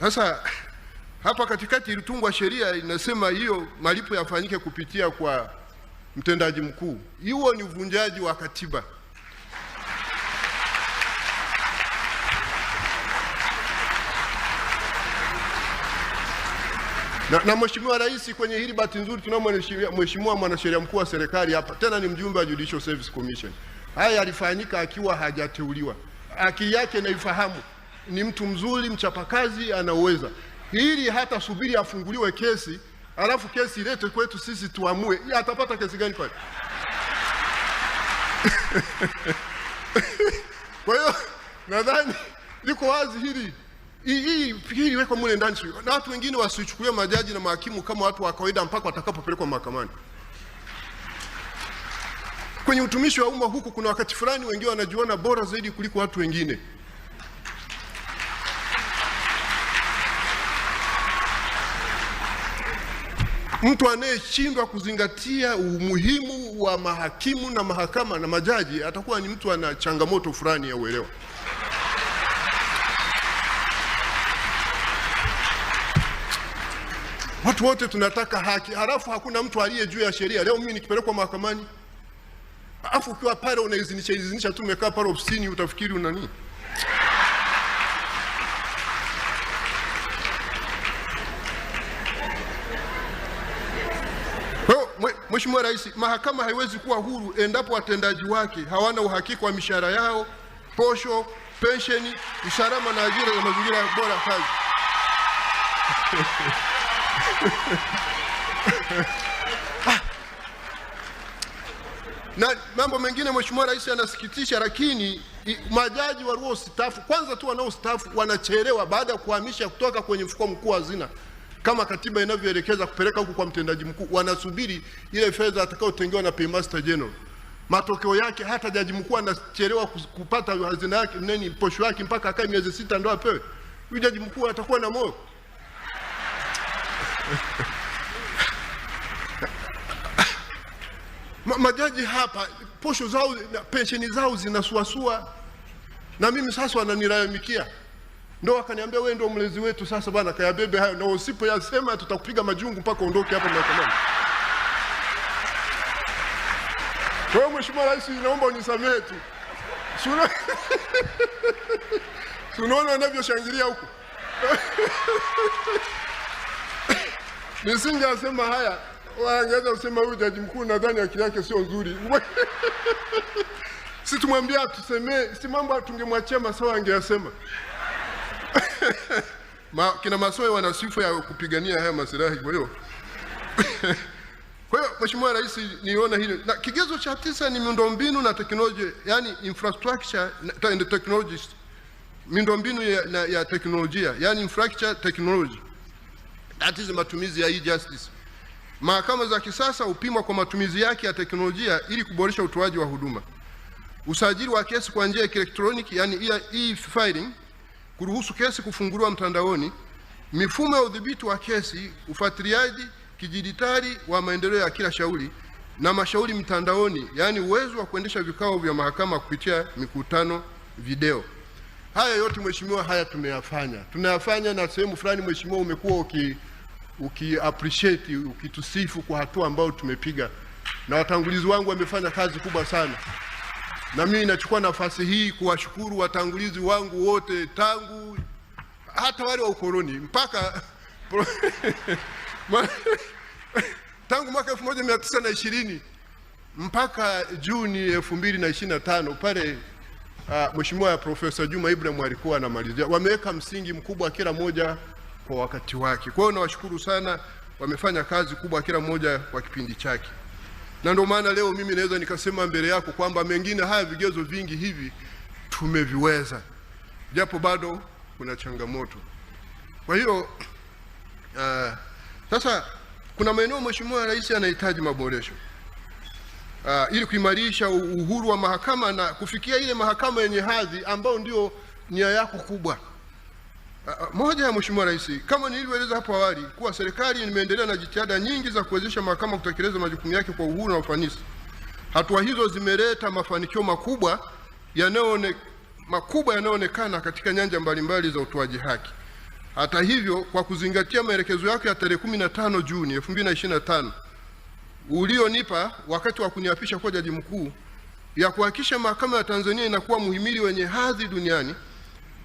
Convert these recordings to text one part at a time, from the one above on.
Sasa hapa katikati ilitungwa sheria inasema hiyo malipo yafanyike kupitia kwa mtendaji mkuu. Hiyo ni uvunjaji wa katiba. Na, na Mheshimiwa Rais kwenye hili bahati nzuri tunao Mheshimiwa mwanasheria mkuu wa serikali hapa, tena ni mjumbe wa Judicial Service Commission. Haya yalifanyika akiwa hajateuliwa, akili yake naifahamu ni mtu mzuri, mchapakazi, anauweza hili. Hata subiri afunguliwe kesi, alafu kesi ilete kwetu sisi tuamue atapata kesi gani pale. Kwa hiyo nadhani liko wazi hili hii hili wekwa mule ndani, na watu wengine wasichukulia majaji na mahakimu kama watu wa kawaida mpaka watakapopelekwa mahakamani. Kwenye utumishi wa umma huku, kuna wakati fulani wengine wanajiona bora zaidi kuliko watu wengine. Mtu anayeshindwa kuzingatia umuhimu wa mahakimu na mahakama na majaji atakuwa ni mtu ana changamoto fulani ya uelewa. Watu wote tunataka haki, halafu hakuna mtu aliye juu ya sheria. Leo mimi nikipelekwa mahakamani, afu ukiwa pale unaizinisha izinisha tu, umekaa pale ofisini, utafikiri una nini? Mheshimiwa Rais, mahakama haiwezi kuwa huru endapo watendaji wake hawana uhakika wa mishahara yao, posho, pensheni, usalama na ajira za mazingira bora kazi. na mambo mengine Mheshimiwa Rais anasikitisha, lakini majaji stafu kwanza tu wanaostaafu wanachelewa baada ya kuhamisha kutoka kwenye mfuko mkuu wa hazina kama katiba inavyoelekeza kupeleka huku kwa mtendaji mkuu, wanasubiri ile fedha atakayotengewa na Paymaster General. Matokeo yake hata jaji mkuu anachelewa kupata hazina yake nini, posho yake mpaka akae miezi sita ndo apewe. Huyu jaji mkuu atakuwa na moyo Ma, majaji hapa posho zao pensheni zao zinasuasua, na mimi sasa wananilalamikia Ndo akaniambia wewe ndo mlezi wetu, sasa bwana, kayabebe hayo na usipoyasema tutakupiga majungu mpaka uondoke hapa mahakamani. Kwa hiyo Mheshimiwa Rais, naomba unisamehe tu. Tunaona wanavyoshangilia huko asema haya, wangeweza kusema huyu jaji mkuu nadhani akili yake sio nzuri si tumwambia atusemee, si mambo tungemwachia masawa angeyasema. Ma, kina masoe wana sifa ya kupigania haya masilahi. Kwa hiyo kwa hiyo Mheshimiwa Rais, niona hili na kigezo cha tisa ni miundombinu na teknolojia, yani infrastructure and technologies, miundombinu ya, na, ya teknolojia yani infrastructure technology. That is matumizi ya e-justice. Mahakama za kisasa hupimwa kwa matumizi yake ya teknolojia ili kuboresha utoaji wa huduma, usajili wa kesi kwa njia ya kielektroniki yani e-, e-filing kuruhusu kesi kufunguliwa mtandaoni, mifumo ya udhibiti wa kesi, ufuatiliaji kidijitali wa maendeleo ya kila shauri na mashauri mtandaoni, yaani uwezo wa kuendesha vikao vya mahakama kupitia mikutano video. Haya yote mheshimiwa, haya tumeyafanya, tunayafanya na sehemu fulani mheshimiwa, umekuwa uki uki appreciate ukitusifu kwa hatua ambayo tumepiga, na watangulizi wangu wamefanya kazi kubwa sana. Na mimi nachukua nafasi hii kuwashukuru watangulizi wangu wote, tangu hata wale wa ukoloni mpaka tangu mwaka 1920 mpaka Juni 2025 pale uh, Mheshimiwa Profesa Juma Ibrahim alikuwa anamalizia. Wameweka msingi mkubwa kila moja kwa wakati wake. Kwa hiyo nawashukuru sana, wamefanya kazi kubwa kila mmoja kwa kipindi chake na ndio maana leo mimi naweza nikasema mbele yako kwamba mengine haya vigezo vingi hivi tumeviweza, japo bado kuna changamoto. Kwa hiyo uh, sasa kuna maeneo Mheshimiwa Rais anahitaji maboresho uh, ili kuimarisha uhuru wa mahakama na kufikia ile mahakama yenye hadhi ambayo ndio nia yako kubwa. Ah, ah, moja ya Mheshimiwa Rais, kama nilivyoeleza hapo awali, kuwa serikali imeendelea na jitihada nyingi za kuwezesha mahakama kutekeleza majukumu yake kwa uhuru na ufanisi. Hatua hizo zimeleta mafanikio makubwa yanayoone makubwa yanayoonekana katika nyanja mbalimbali za utoaji haki. Hata hivyo, kwa kuzingatia maelekezo yake ya tarehe 15 Juni 2025 ulionipa wakati wa kuniapisha kuwa jaji mkuu ya kuhakikisha mahakama ya Tanzania inakuwa muhimili wenye hadhi duniani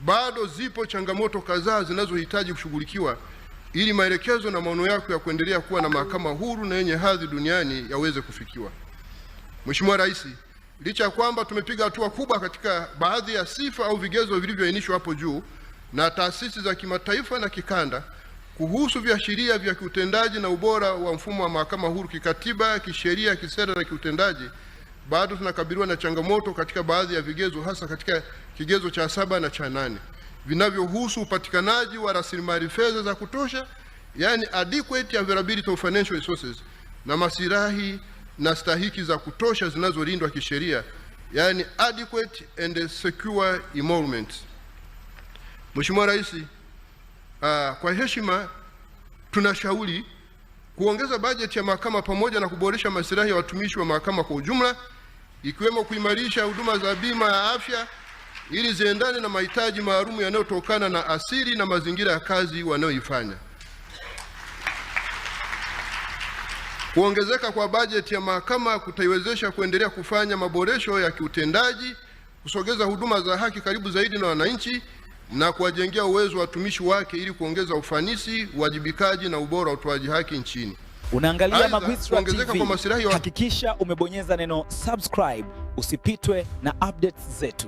bado zipo changamoto kadhaa zinazohitaji kushughulikiwa ili maelekezo na maono yako ya kuendelea kuwa na mahakama huru na yenye hadhi duniani yaweze kufikiwa. Mheshimiwa Rais, licha ya kwamba tumepiga hatua kubwa katika baadhi ya sifa au vigezo vilivyoainishwa hapo juu na taasisi za kimataifa na kikanda kuhusu viashiria vya kiutendaji na ubora wa mfumo wa mahakama huru kikatiba, kisheria, kisera na kiutendaji bado tunakabiliwa na changamoto katika baadhi ya vigezo, hasa katika kigezo cha saba na cha nane vinavyohusu upatikanaji wa rasilimali fedha za kutosha, yani adequate availability of financial resources, na masilahi na stahiki za kutosha zinazolindwa kisheria, yani adequate and secure emolument. Mheshimiwa Rais, uh, kwa heshima tunashauri kuongeza bajeti ya mahakama pamoja na kuboresha masilahi ya watumishi wa mahakama kwa ujumla ikiwemo kuimarisha huduma za bima ya afya ili ziendane na mahitaji maalum yanayotokana na asili na mazingira ya kazi wanayoifanya. Kuongezeka kwa bajeti ya mahakama kutaiwezesha kuendelea kufanya maboresho ya kiutendaji, kusogeza huduma za haki karibu zaidi na wananchi na kuwajengea uwezo wa watumishi wake ili kuongeza ufanisi, uwajibikaji na ubora wa utoaji haki nchini. Unaangalia Mavizra TV, hakikisha umebonyeza neno subscribe, usipitwe na updates zetu.